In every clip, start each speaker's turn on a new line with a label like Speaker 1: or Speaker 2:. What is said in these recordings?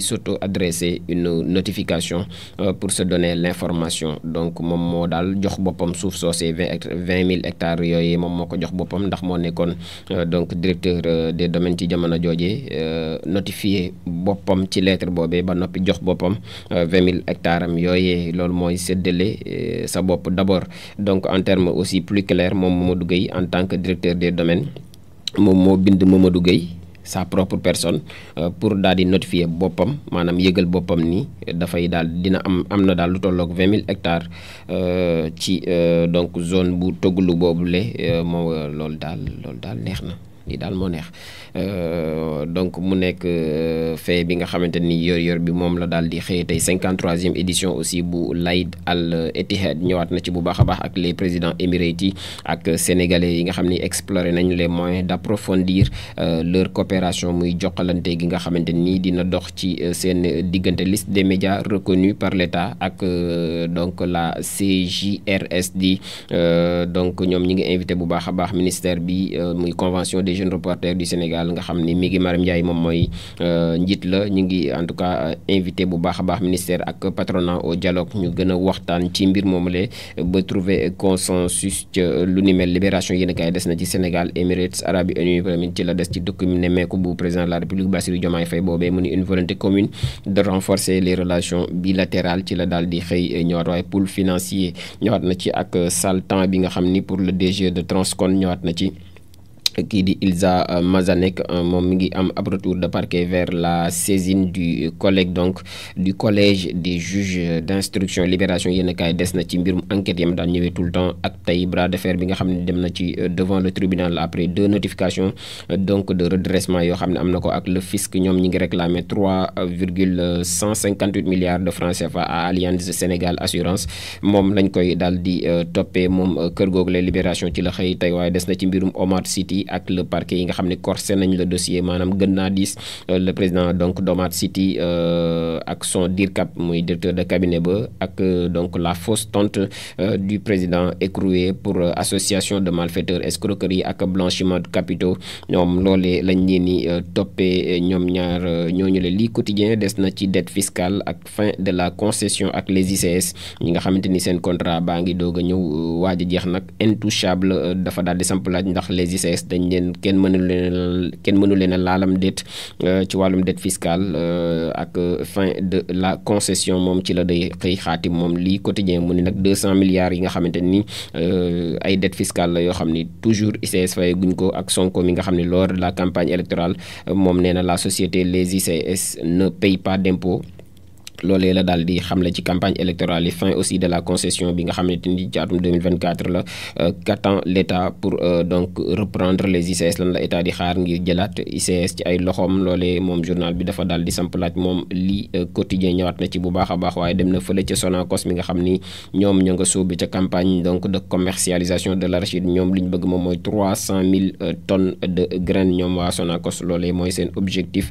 Speaker 1: surtout adressé une notification euh, pour se donner l'information donc moom moo daal jox boppam suuf soosee vingt vingt mille hectares yooyu moom moo ko jox boppam ndax moo nekkoon euh, donc directeur euh, de domaines ci jamono joojee notifié boppam ci lettre boobee ba noppi jox boppam vingt mille hectares am yooyee loolu mooy séddale sa bopp d'abord donc en terme aussi plus clairs moom ma Gueye en tant que directeur des domaines moom moo bind ma Gueye sa propre personne euh, pour daal di notifier boppam maanaam yëgal boppam ni dafay daal dina am am na daal lu tolloog vingt mille hectares euh, ci euh, donc zone bu Toglu boobule moom loolu daal loolu daal neex na lii daal moo neex. Euh, donc mu nekk euh, fee bi nga xamante ni yor-yor bi moom la daal di xëyee tey cinquante troisième édition aussi bu Laïd Al Etihad ñëwaat na ci bu baax a baax ak les présidents émirates yi ak sénégalais yi nga xam ni exploré nañu les moyens d' approfondir euh, leur coopération muy jokkalante gi nga xamante ni dina dox ci seen diggante list des médias reconnus par l' état ak donc la CJRSD donc ñoom ñi ngi invité bu baax a baax ministère bi muy convention des jeunes reporters du Sénégal. Sall nga xam ni mi ma Maram Ndiaye moom mooy euh, njiit la ñu ngi en tout cas euh, invité bu baax a baax ministère ak patronat au dialogue ñu gën a waxtaan ci mbir moomule ba trouver consensus ca lu ni mel libération yéen a kaay des na ci Sénégal Émirats Arabes Unis tamit ci la des ci dëkk mi nemmeeku bu président de la République Bassirou Diomaye Faye boobee mu ni une volonté commune de renforcer les relations bilatérales ci la daal di xëy ñëwaat waaye pool financier na ci ak saltan bi nga ni pour le DG e de Transcon ñëwaat na ci kii di Ilza Mazanek moom mi ngi am ab retour de parquet vers la saisine du collègue donc du collège des juges d'instruction libération yéen des na ci mbirum enquête yam daan ñëwee tout le temps ak tey bras de fer bi nga xam ne dem na ci euh, devant le tribunal après deux notifications euh, donc de redressement yoo xam ne am na ko ak le fisc ñoom ñi ngi réclamer trois virgule cent cinquante huit milliards de francs CFA à Allianz Sénégal Assurance moom lañ koy daal di euh, toppee moom kër googu la libération ci la ak le parquet yi nga xam ne corsé nañ le dossier maanaam gën naa diis euh, le président donc Domat City euh, ak son DIRCAP muy directeur de cabinet ba ak euh, donc la fausse tente du président écroué pour association de malfaiteurs escroquerie ak blanchiment de capitaux ñoom loole lañ leen ni toppee ñoom ñaar ñooñu le lii quotidien des na ci dette fiscale ak fin de la concession ak les ICS ñi nga xamante ni seen contrat baa ngi doog a ñëw waaj a jeex nag intouchable dafa daal di samp laaj ndax les ICS dañ leen kenn mënu leen kenn mënu leen a laalam déet euh, ci wàllum dette fiscale euh, ak euh, fin de la concession moom ci la day xëy xaatim moom lii quotidien mu ni nag deux 200 milliards yi nga xamante ni ay dette fiscale la yoo xam ni toujours ICS fay guñ ko ak Sonko mi nga xam ni lors la campagne électorale moom nee na la société les ICS ne paye pas d'impôt loolee la daal di xamle ci campagne électorale yi fin aussi de la concession bi nga xamante ni ci atum euh, euh, xaar ngir jëlaat ICS ci ay loxoom moom journal bi dafa daal di samp laaj moom lii euh, quotidien ñëwaat na ci bu baax a baax waaye dem na mi nga xam ni ñoom ñoo nga sóobu ca campagne donc de commercialisation de li ñu bëgg moom mooy 300 000 tonnes de graines ñoom waa Sonacos loolee mooy seen objectif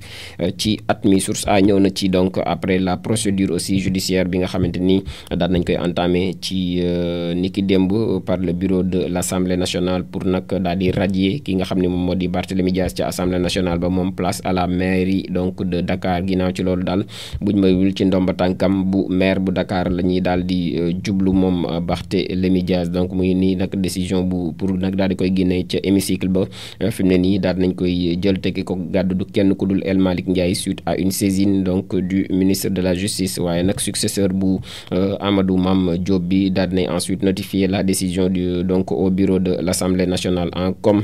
Speaker 1: ci at mi source a ñëw na ci donc après la procédure aussi judiciaire bi nga xamante ni daan nañ koy entamé ci euh, niki démb par le bureau de l' assemblée nationale pour nag daal di radier ki nga xam ne moom moo di Barthélémy Dias ca assemblée nationale ba moom place à la mairie donc de Dakar ginnaaw ci loolu daal buñ mayul ci ndomba tànkam bu maire bu Dakar la ñuy daal di euh, jublu moom Barthélémy Dias donc muy nii nag décision bu pour nag daal di koy génne ca hémicycle ba euh, fi mu ne nii daal nañ koy jël tekki ko gàddu du kenn ku dul El Malick Ndiaye suite à une de la justice justice waaye nag successeur bu euh, Amadou mam Diop bi daal di nañ ensuite notifier la décision du donc au bureau de l'Assemblée nationale en com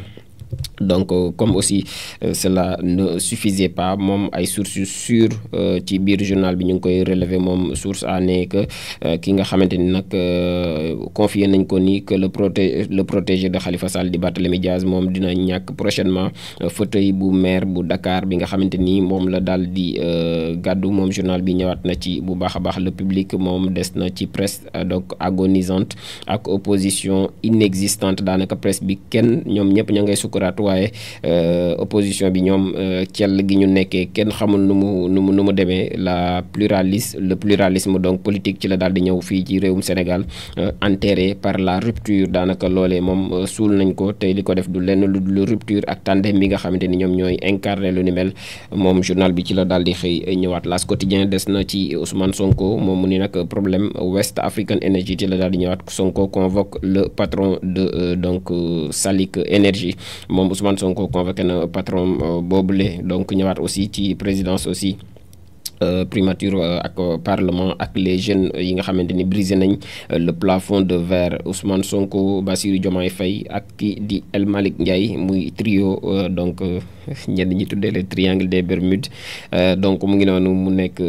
Speaker 1: donc euh, comme aussi euh, cela ne suffisait pas moom ay sources sûres euh, ci biir journal bi ñu ngi koy relever moom source a que ki nga xamante ni nag confier nañ ko nii que le proté le protégé de xalifa Sall di le Diaz moom dina ñàkk prochainement fauteuil bu maire bu Dakar bi nga xamante ni moom la daal di gàddu moom journal bi ñëwaat na ci bu baax a baax le public moom des na ci presque donc agonisante ak opposition inexistante daanaka presse bi kenn ñoom ñëpp ña ngay sukkuraat waaye euh, opposition bi ñoom euh, cell gi ñu nekkee kenn xamul nu mu nu mu nu mu demee la pluralisme le pluralisme donc politique ci la daal di ñëw fii ci réewum Sénégal euh, enterré par la rupture daanaka loolee moom suul nañ ko tey li ko def du lenn lu dul rupture ak tandem bi nga xamante ni ñoom ñooy incarné lu ni mel moom journal bi ci la daal di xëy ñëwaat L'As Quotidien des na ci Ousmane Sonko moom mu ni nag problème West African Energy ci la daal di ñëwaat Sonko convoque le patron de donc Salik Energy moom Ousmane Sonko convoqué na patron euh, boobule donc ñëwaat aussi ci présidence aussi. Euh, primature euh, ak parlement ak les jeunes euh, yi nga xamante ni brisé nañ le plafond de verre Ousmane Sonko Bassirou Diomaye Faye ak kii di El Malick Ndiaye muy trio donc ñenn ñi tuddee le triangle des Bermudes donc mu ngi noonu mu nekk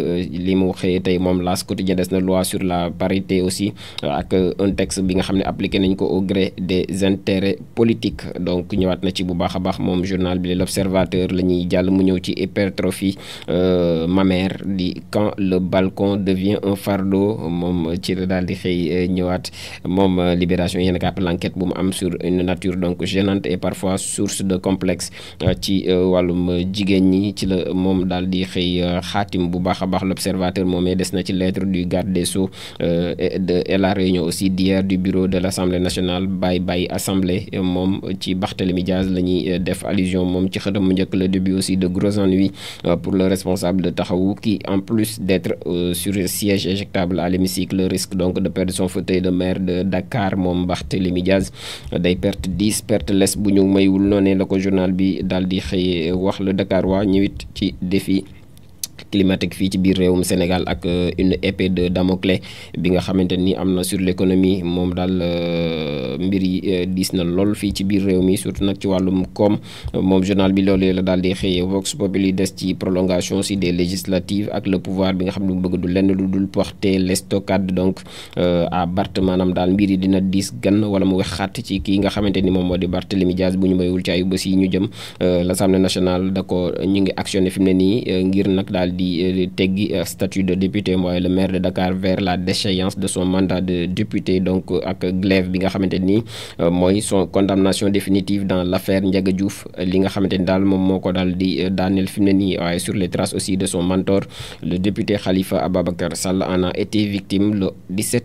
Speaker 1: li mu xëyee tey moom L'As quotidien des na loi sur la parité aussi ak un texte bi nga xam ne appliqué nañ ko au gré des intérêts politiques donc ñëwaat na ci bu baax a baax moom journal bi L'Observateur la ñuy jàll mu ñëw ci hypertrophie mammaire di quand le balcon devient un fardeau moom ci la daal di xëy euh, ñëwaat moom euh, libération yéen a l'enquête bu mu am sur une nature donc gênante et parfois source de complexe euh, ci wàllum jigéen ñi ci la moom daal di xëy xaatim bu baax a baax l'observateur moomee des na ci lettre du garde des sceaux de et la réunion aussi d'hier du bureau de l'Assemblée nationale bay bàyyi assemblée moom ci Barthélémy Diaz la ñuy def allusion moom ci xëtam mu njëkk le début aussi de gros ennuis pour le responsable Taxawu qui, en plus d'être euh, sur un siège éjectable à l'hémicycle, risque donc de perdre son fauteuil de maire de Dakar moom Barthélémy Diaz day perte dix perte les bu ñu maywul noonee la ko journal bi daal di xëyee wax la Dakar waa ñëwit ci défi climatique fii ci biir réewum Sénégal ak euh, une épée de Damoclès bi nga xamante ni am na sur l'économie moom daal euh, mbir yi euh, diis na lool fii ci biir réew mi surtout nag ci wàllum koom moom journal bi loolu la daal di xëyee Vox Populi des ci prolongation si des législatives ak le pouvoir bi nga xam ne bu bëgg du lenn lu dul porter l'estocade donc à Barth maanaam daal mbir yi dina diis gan wala mu wexaat ci kii nga xamante ni moom moo di Barthélémy Dias bu ñu mayul ci ay bés yi Eh, di teggi eh, statut de député mooy le maire de Dakar vers la déchéance de son mandat de député donc ak glaive bi nga xamante euh, mooy son condamnation définitive dans l'affaire Ndiaga li nga xamante daal moom moo ko daal di euh, daaneel fi mu ne nii waaye sur les traces aussi de son mentor le député Khalifa Ababacar Sall a été victime le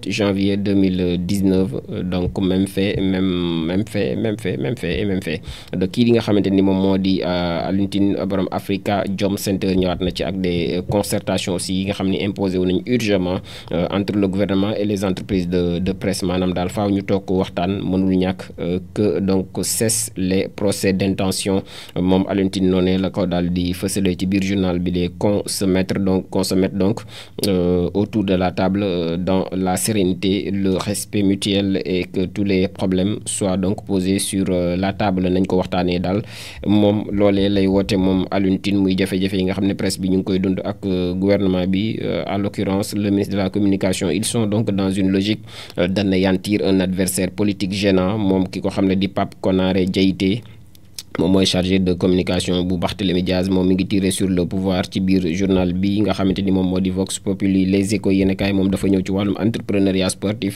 Speaker 1: janvier euh, donc même fait même fait même fait même fait donc kii li nga xamante moom moo di Alioune Tine borom Jom concertation aussi yi nga xam ni imposé wu nañu urgemment euh, entre le gouvernement et les entreprises de de presse maanaam daal faw ñu toog waxtaan mënul ñàkk euh, que donc cesse les procès d'intention moom Alioune Tine noonee la ko daal di fësalee ci biir journal bi les qu'on se mettre donc qu'on se euh, autour de la table dans la sérénité le respect mutuel et que tous les problèmes soient donc posés sur la table nañ ko waxtaanee daal moom loolee lay woote moom Alioune Tine muy jafe-jafe y nga xam ne presse bi ànd ak euh, gouvernement bi euh, en l'occurrence le ministre de la communication ils sont donc dans une logique euh, d'anéantir un adversaire politique gênant moom ki ko xam ne di Pape Konaré Diaité moom mooy chargé de communication bu Barthélémy Diaz moom mi ngi tiré sur le pouvoir ci biir journal bi nga xamante ni moom moo di Vox Populi Les Échos yéen kaay moom dafa ñëw ci wàllum entrepreneuriat sportif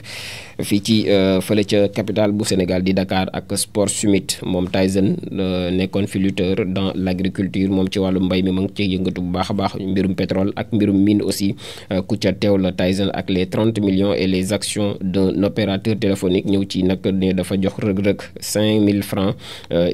Speaker 1: fii ci euh, fële ca capitale bu Sénégal di Dakar ak Sport Summit moom Tyson euh, nekkoon fi lutteur dans l' moom ci wàllum mbay mi ma ngi ci yëngatu bu baax a baax mbirum pétrole ak mbirum mine aussi euh, ku ca teew la Tyson ak les 30 millions et les actions d'un opérateur téléphonique ñëw ci nag ne dafa jox rëg-rëg 5000 francs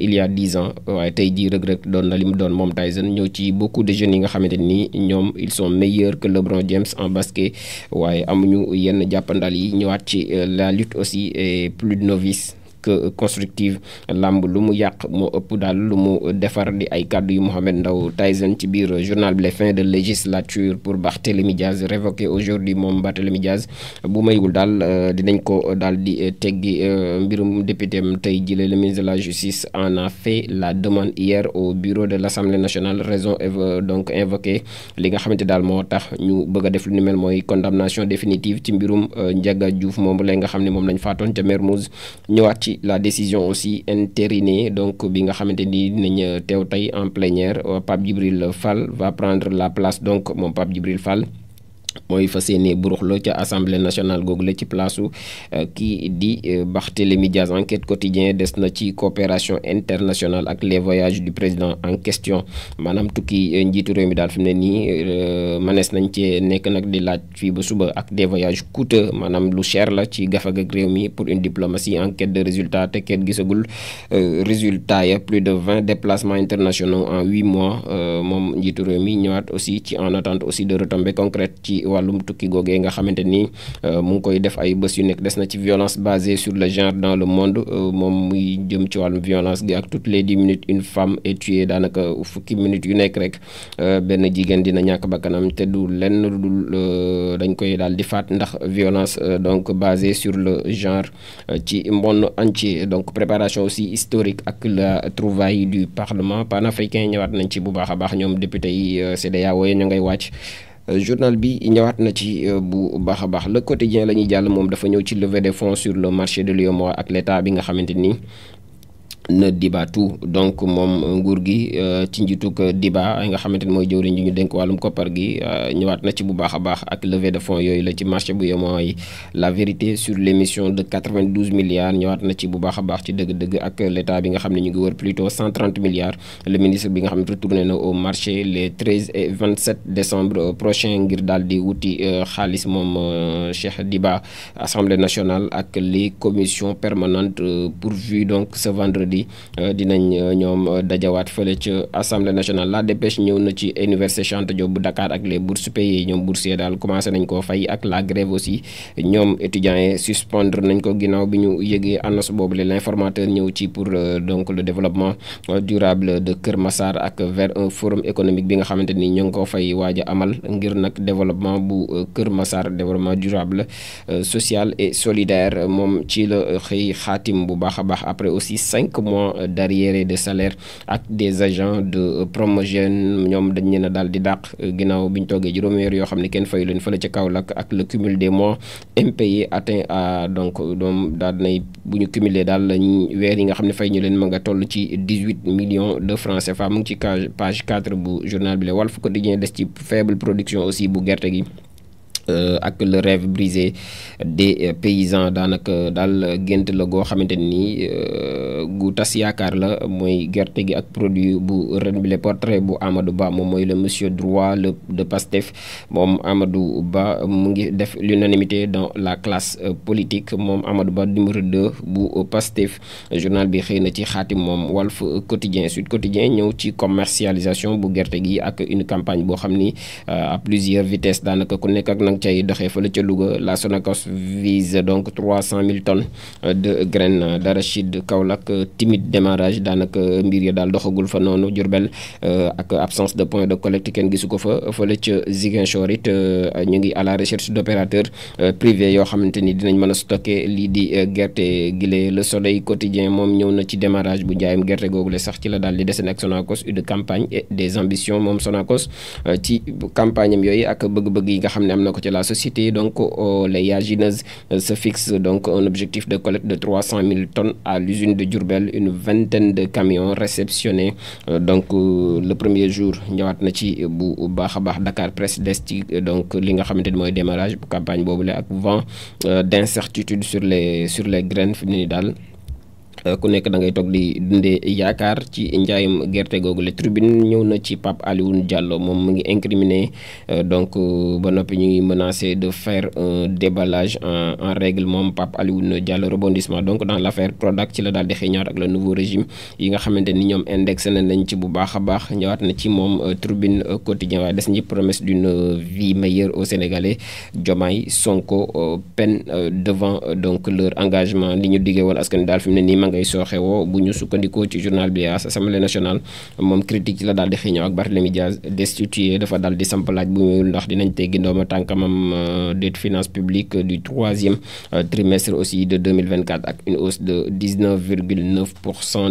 Speaker 1: il y a Tyson waaye tey jii Reug rek doon na li mu doon moom Tyson ñëw ci beaucoup de jeunes yi nga xamante ni ñoom ils sont meilleurs que LeBron James en basket waaye amuñu yenn jàppandal yi ñëwaat ci euh, la lutte aussi et plus novice que euh, constructive làmb lu mu yàq moo ëpp daal lu mu defar di ay kàddu yu Mohamed Ndao Tyson ci biir journal bi les fins de législature pour Barthélémy Diaz révoqué aujourd'hui moom Barthélémy Diaz bu maywul daal euh, dinañ ko daal di euh, teggi mbirum député am tey jilee le ministre de la justice en a fait la demande hier au bureau de l'Assemblée nationale raison donc invoquée li nga xamante daal moo tax ñu bëgg a def lu ni mel mooy condamnation définitive ci mbirum Ndiaga Diouf moom nga xam ne moom lañ faatoon ca Mermoz la décision aussi entérinée donc bi nga xamante ni dinañ euh, teew tey en plénière euh, Pape Djibril Fall va prendre la place donc moom Pape Djibril Fall mooy fas yéene burux la ca assemblée nationale googu ci place euh, kii di euh, Barthélémy Diaz enquête quotidien des na ci coopération internationale ak les voyage du président en question maanaam tukki euh, njiitu réew mi daal fi mu ne nii manees nañ cee nekk nag di laaj fii ba suba ak des voyage coûteux maanaam lu cher la ci gafag ak réew mi pour une diplomatie en de résultat te kenn gisagul résultat ya plus de vingt déplacement internationaux en huit mois moom njiitu réew mi ñëwaat aussi ci en attente aussi de retombées concrètes ci. wàllum tukki googee nga xamante ni euh, mu ngi koy def ay bés yu nekk des na ci violence basée sur le genre dans le monde euh, moom muy jëm ci wàllum violence gi ak toutes les di minutes une femme est tuée daanaka fukki minutes yu nekk rek euh, benn jigéen dina ñàkk bakkanam te du lenn dul dañ koy daal di faat ndax violence donc basé sur le genre ci monde entier donc préparation aussi historique ak la trouvaille du parlement panafricain ñëwaat nañ ci bu baax a baax ñoom député yi CEDEAO ñu ngay wàcc Euh, journal bi ñëwaat na ci euh, bu baax a baax le quotidien la ñuy jàll moom dafa ñëw ci levée de fonds sur le marché de l'UEMOA ak l'état bi nga xamante ni na dibatu donc moom euh, nguur gi euh, ci njiitug euh, diba nga xamante ni mooy jëwriñ ji ñu dénk wàllum koppar gi ñëwaat na ci bu baax a baax ak levée de fonds yooyu la ci marché bu yemoo yi la vérité sur l'émission de 92 milliards ñëwaat na ci bu baax a baax ci dëgg-dëgg ak l'état bi nga xam ne ñu ngi wër plutôt 130 milliards le ministre bi nga xam ne retourné na au marché les décembre prochain ngir daal di wuti xaalis moom Cheikh Diba assemblée nationale ak les commissions permanentes pourvues donc ce vendredi bi euh, dinañ euh, ñoom euh, dajawaat fële ca assemblée la dépêche ñëw na ci université Cheikh Anta bu Dakar ak les bourses payées ñoom boursiers daal commencé nañ koo fay ak la grève aussi ñoom étudiants suspendre nañ ko ginnaaw bi ñu yëgee annonce boobu la l'informateur ñëw ci pour donc le développement durable de Kër Massar ak vers un forum économique bi nga xamante ni ñoo ngi ko fay waaj a amal ngir nag développement bu Kër Massar développement durable social et solidaire moom ci la a mois euh, d'arriérés de salaire ak des agents de euh, Promogène ñoom dañ leen a daal di dàq euh, ginnaaw bi ñu toogee juróomi weer yoo xam ne kenn fayu leen ci kaw lakk ak le cumul des mois impayés atteint à donc doom daal nay bu ñu cumulé daal lañ weer yi nga xam ne fay ñu leen ma nga toll ci 18 millions de francs CFA mu ngi ci page 4 bu journal bi fu ko Quotidien des ci faible production aussi bu gerte gi Euh, ak le rêve brisé des euh, paysans daanaka daal gént la goo xamante ni euh, gu tas yaakaar la mooy gerte gi ak produit bu ren bi le bu Amadou Ba moom mooy le monsieur droit le de Pastef moom Amadou Ba mu ngi def l'unanimité dans la classe politique moom Amadou Ba numéro 2 bu Pastef journal bi xëy na ci xaati moom wal Walf Quotidien Sud Quotidien ñëw ci commercialisation bu gerte gi ak une campagne boo xam ni à plusieurs vitesses daanaka ku nekk ak cay doxee fële ca Louga la Sonacos vise donc 300 000 tonnes euh, de graines d'arachide Kaolack euh, timide démarrage daanaka mbir ya daal doxagul fa noonu Diourbel euh, ak absence de point de collecte kenn gisu ko fa fële ca Ziguinchor it ñu ngi à la recherche d'opérateurs privés yoo xamante ni dinañ mën a lii di gerte gile le soleil quotidien moom ñëw na ci démarrage bu jaayam gerte googule sax ci la daal di dese ak Sonacos une campagne et des moom Sonacos ci campagne am donc la société donc euh, les Yagineuses euh, se fixent donc un objectif de collecte de 300 000 tonnes à l'usine de Diourbel une vingtaine de camions réceptionnés euh, donc le premier jour ñëwaat na ci bu baax a baax Dakar Presse des ci donc li nga xamante ni mooy démarrage bu campagne boobu le ak vent d'incertitude sur les sur les graines fi mu ni daal Euh, ku nekk da ngay toog di dundee yaakaar ci njaayum gerte googu la tribune ñëw na ci pap Alioune Diallo moom mu ngi incriminer euh, donc euh, ba noppi ñu ngi menacé de faire un déballage un en règle moom Pape Alioune Diallo rebondissement donc dans l' affaire Prodac ci la daal di xëñaat ak le nouveau régime yi nga xamante ni ñoom indexé nañ ci bu baax baax ñëwaat na ci moom tribune quotidien waaye des ñi promesse d'une vie meilleure aux Sénégalais Diomaye Sonko peine devant donc leur engagement li ñu diggee woon askan daal fi mu ne nii ngay sooxewoo bu ñu sukkandikoo ci journal bi assemblée nationale moom critique la daal di xiiñoo ak Barthélemy Diaz destitué dafa daal di samp bu ñu ndax dinañ teggi ndooma tànkamam euh, des finances publiques euh, du troisième euh, trimestre aussi de 2024 ak une hausse de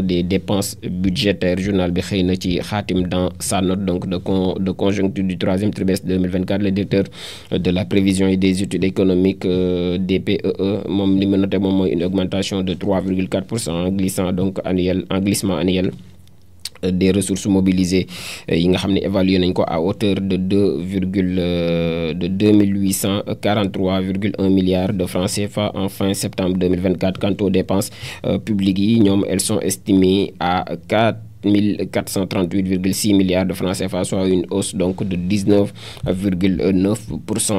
Speaker 1: des dépenses budgétaires journal bi xëy na ci xaatim dans sa note donc de con de conjoncture du troisième trimestre le directeur de la prévision des études économiques DPEE e, moom li moom une pour cent en glissant donc annuel en glissement annuel euh, des ressources mobilisées euh, yi nga xam ne évalué nañ ko à hauteur de deux virgule euh, de deux mille huit cent quarante trois virgule un milliard de francs CFA en fin septembre deux mille vingt quatre quant aux dépenses yi ñoom elles sont estimées à quatre 1438,6 milliards de francs CFA, soit une hausse donc de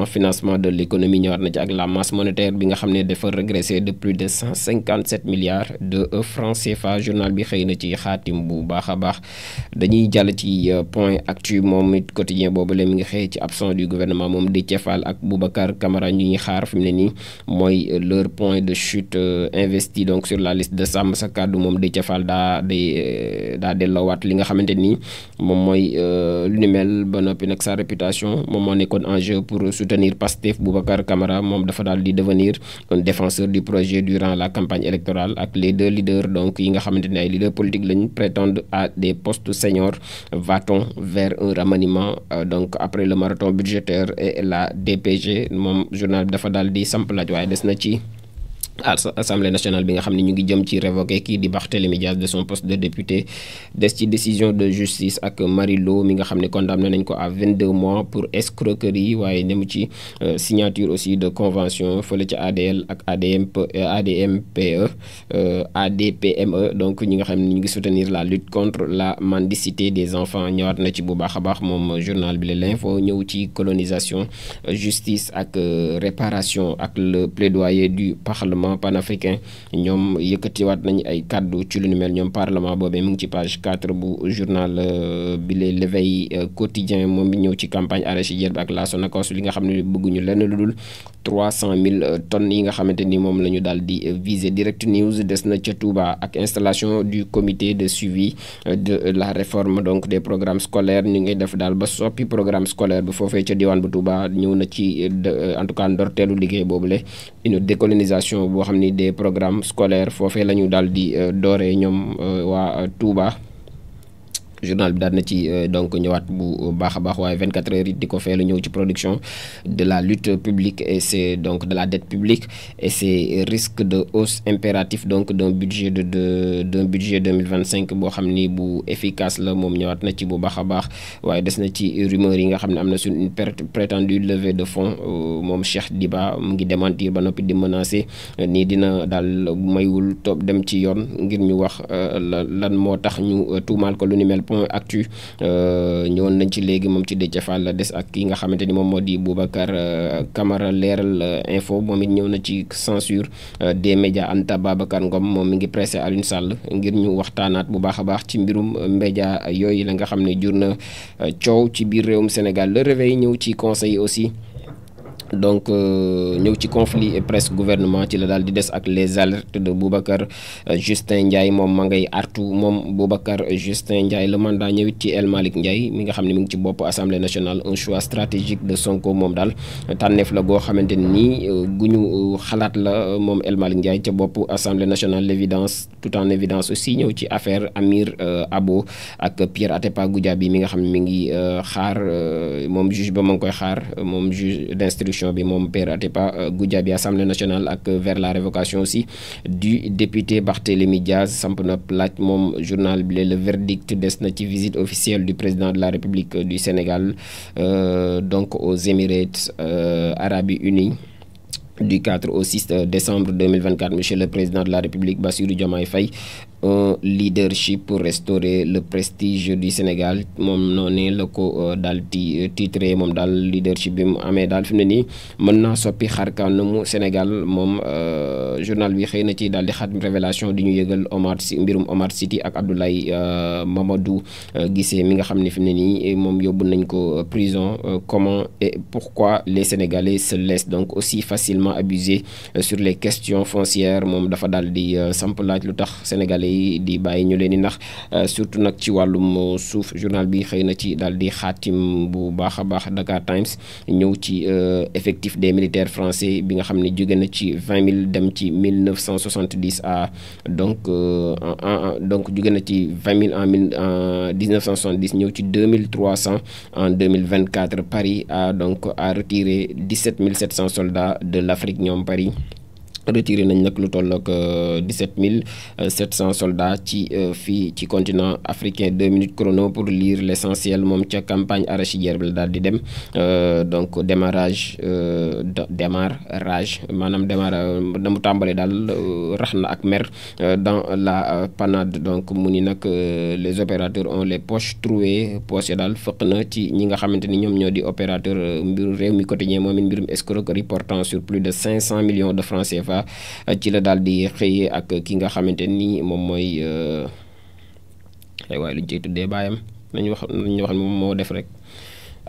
Speaker 1: financement de l'économie ñëwaat na ci ak la masse monétaire bi nga xam ne dafa régressé de plus de 157 milliards de francs CFA journal bi xëy na ci xaatim bu baax a baax dañuy jàll ci euh, point actu moom it quotidien boobu la mi ngi xëy ci absence du gouvernement moom Déthié Fall ak Boubacar Camara ñu ñuy xaar fi ne nii mooy euh, leur point de chute euh, investi donc sur la liste de Sàmm Sa Kàddu moom Déthié Fall daa day daa delloowaat li nga xamante ni moom mooy euh, lu ni mel ba noppi nag sa réputation moom moo nekkoon en jeu pour soutenir Pastef Boubacar Camara moom dafa daal di devenir un du projet durant la campagne électorale ak les deux leaders donc yi nga xamante ni ay leaders politiques lañ prétendent à des postes seniors va-t-on vers un remaniement euh, donc après le marathon budgétaire la DPG moom journal bi dafa daal di samplaaj waaye des na ci. assemblée nationale bi nga xam ne ñu ngi jëm ci révoqué kii di Barthélémy Dias de son poste de député des ci décision de justice ak Marie Lo mi nga xam ne condamné nañ ko à 22 mois pour escroquerie waaye ne mu ci euh, signature aussi de convention fële ca ADL ak ADMP euh, ADMPE euh, ADPME donc ñi nga xam ne ñu ngi soutenir la lutte contre la mendicité des enfants ñëwaat na ci bu baax a baax moom journal bi la l'info ñëw ci colonisation justice ak réparation ak le front panafricain ñoom yëkkatiwaat nañ ay kàddu ci lu nu mel ñoom parlement boobee mu ngi ci page 4 bu journal euh, bi lay l'éveil euh, quotidien moom bi ñëw ci campagne arachidière bi ak la Sonacos li nga xam ne bëgguñu lenn lu dul trois cent mille euh, tonnes yi nga xamante ni moom la ñu daal di euh, viser direct news des na ca Touba ak installation du comité de suivi euh, de la réforme donc des programmes scolaires ñu ngi def daal ba soppi programme scolaire bi foofee ca diwaan bu Touba ñëw na ci en tout cas ndorteelu liggéey boobule une décolonisation boo xam ni des programmes scolaires foofee la ñu daal di dooree ñoom waa tuuba journal bi daal na ci euh, donc ñëwaat bu baax a baax waaye 24 heures di ko feelu ñëw ci production de la lutte publique et c'est donc de la dette publique et c'est risque de hausse impératif donc d'un budget de de d'un budget 2025 boo xam ni bu efficace la moom ñëwaat na ci bu baax a baax waaye des na ci rumeur yi nga xam ne am na su une prétendue levée de fonds euh, moom Cheikh Diba mu ngi démentir ba noppi di menacer euh, nii dina daal maywul toog dem ci yoon ngir ñu wax lan moo tax ñu tuumaal ko point actu euh, ñëwoon nañ ci léegi moom ci Déthié Fall la des ak yi nga xamante ni moom moo di Boubacar euh, Camara leeral euh, info moom it ñëw na ci censure des médias Anta Babacar Ngom moom mi ngi pressé Alioune Sall ngir ñu waxtaanaat bu baax a baax ci mbirum média yooyu la nga xam ne jur na coow ci biir réewum Sénégal le réveil ñëw ci conseil aussi donc euh, ñëw ci conflit presque gouvernement ci la daal di des ak les alertes de Boubacar euh, Justin Ndiaye moom ma ngay artu moom Boubacar Justin Ndiaye man daa ñëwit ci El Malick Ndiaye mi nga xam ne mi ngi ci bopp assemblée nationale un choix stratégique de Sonko moom daal tànneef la goo xamante nii euh, gu ñu xalaat la moom El Malick Ndiaye ca bopp assemblée nationale l' évidence tout en évidence aussi ñëw ci affaire Amir Abo ak Pierre Atepa Goudiaby mi nga xam ne mi ngi xaar moom juge ba ma ngi koy xaar moom juge d' instruction opposition bi moom Père Atepa euh, Goudiaby assemblée nationale ak euh, vers la révocation aussi du député Barthélémy Diaz samp na laaj moom journal bi le verdict des na ci visite officielle du président de la République euh, du Sénégal donc aux Émirats arabes unis du 4 au 6 décembre 2024 monsieur le président de la République Bassirou Diomaye fay un leadership pour restaurer le prestige di Sénégal moom noonu la ko euh, daal di euh, titre moom daal leadership bi mu amee daal fi mu ne nii mën naa soppi xarkanamu Sénégal moom euh, journal bi xëy na ci daal di xar révélation di ñu yëgal Omar si mbirum Omar City ak Abdoulaye Mamadou gisee mi nga xam ni fi mu ne nii moom yóbbu nañ ko prison comment et pourquoi les Sénégalais se laissent donc aussi facilement abuser sur les questions foncières moom dafa daal di samp laaj lu tax Sénégalais. yi di bàyyi ñu leen di ndax euh, surtout nag ci wàllum suuf journal bi xëy na ci daal di xaatim bu baax a baax Dakar Times ñëw ci euh, effectif des militaires français bi nga xam ne jóge na ci vingt mille dem ci mille neuf cent soixante dix à donc euh, donc jóge na ci vingt mille en mille en dix neuf cent soixante dix ñëw ci deux mille cent en deux mille vingt quatre Paris a donc a retiré dix sept mille sept cent soldats de l'Afrique ñoom Paris. retiré nañ nag lu toll ak 17000 euh, 700 euh, soldats ci euh, fii ci continent africain 2 minutes chrono pour lire l' essentiel moom ca campagne arachidière bi la daal di dem donc démarrage démarrage maanaam démarrage na mu tàmbalee daal rax na ak mer dans la panade donc mu ni nag les opérateurs ont les poches trouées poche daal fëq na ci ñi nga xamante ñoom ñoo di opérateur mbiru réew mi quotidien moom it mbirum escroquerie portant sur plus Touba euh, ci la daal di xëy ak ki nga xamante nii moom mooy euh, waaye lu ñu cay tuddee baayam nañu wax nañu wax moom moo def rek.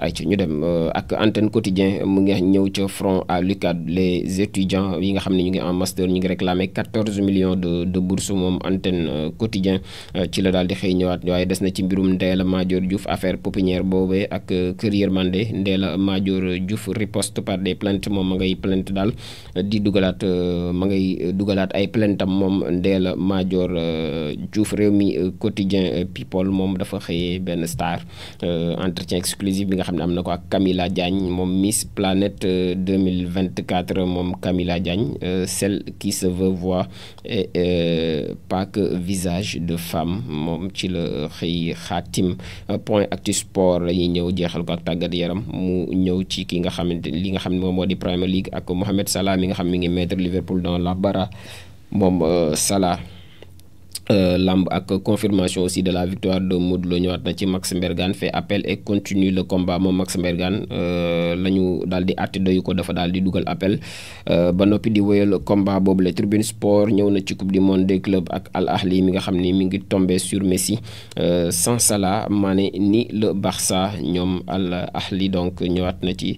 Speaker 1: ay ci ñu dem euh, ak antenne quotidien mu ngi ñëw ca front à l'UCAD les étudiants yi nga xam ne ñu ngi en master ñu ngi réclamer 14 millions de de bourse moom antenne euh, quotidien euh, ci la daal di xëy ñëwaat waaye des na ci mbirum Ndella Madior Diouf affaire pépinière boobee ak Kër Yërmande Ndella Madior Diouf riposte par des plaintes moom ma ngay plainte daal di dugalaat ma ngay dugalaat ay plaintam moom Ndella Madior Diouf réew mi quotidien people moom dafa xëyee benn star entretien exclusif bi nga am na ko ak Camila Diagne moom Miss Planète 2024 euh, moom Camila Diagne euh, celle qui se veut voir et euh, pas que visage de femme moom ci la xëy xaatim point actu sport la ñuy ñëw jeexal ko ak tàggat yaram mu ñëw ci ki nga xamante li nga xam ne moom moo di Premier League ak Mohamed Salah mi nga xam mi ngi mettre Liverpool dans la bara moom Salah Euh, lamb ak confirmation aussi de la victoire de Modou ñëwaat na ci Max Mbergane fait appel et continue le combat moom Max Mbergane euh, la ñu daal di àtte doyu ko dafa daal di dugal appel euh, ba noppi di wéyal combat boobu la Tribune Sport ñëw na ci coupe di monde des clubs ak Al Ahli mi xam ni mi ngi tombé sur Messi sans Salah Mané ni le Barça ñoom Al Ahli donc ñëwaat na ci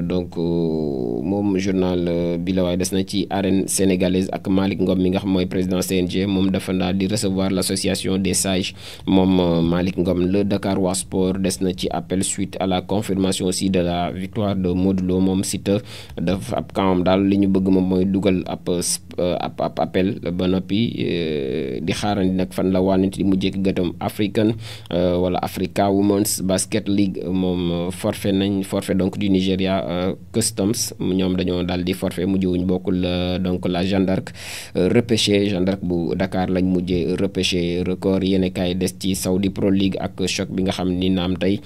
Speaker 1: donc moom journal bi la waaye des na ci arène sénégalaise ak Malick Ngom mi nga xam mooy président CNG moom dafa daal di recevoir l' association des sages moom euh, Malick Ngom le Dakar waa sport des na ci appel suite à la confirmation si de la victoire de Modou Lo moom Siteu dafa ab camp daal li ñu bëgg moom mooy dugal ab euh, euh, ab ab appel ba noppi di xaarandi nag fan la wànnit di mujjee gëtam African wala Africa Women's Basket League moom forfait nañ forfait donc du Nigeria Customs ñoom dañoo daal di forfait mujj wuñ bokkul donc la Jeanne d'Arc repêché bu bu Dakar lañ mujjee repêché record yéen kaay des ci Saudi Pro League ak choc bi nga xam ni naam tey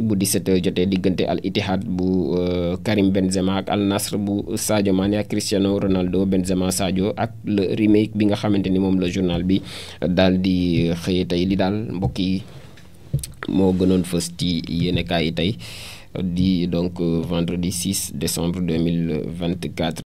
Speaker 1: bu 17h jotee diggante Al Ittihad bu euh, Karim Benzema ak Al Nasr bu Sadio Mané ak Cristiano Ronaldo Benzema Sadio ak le remake bi nga xamante ni moom la journal bi daal di euh, xëyee tey li daal mbokk yi moo gënoon fës ci yéen kaay yi tey di donc euh, vendredi 6 décembre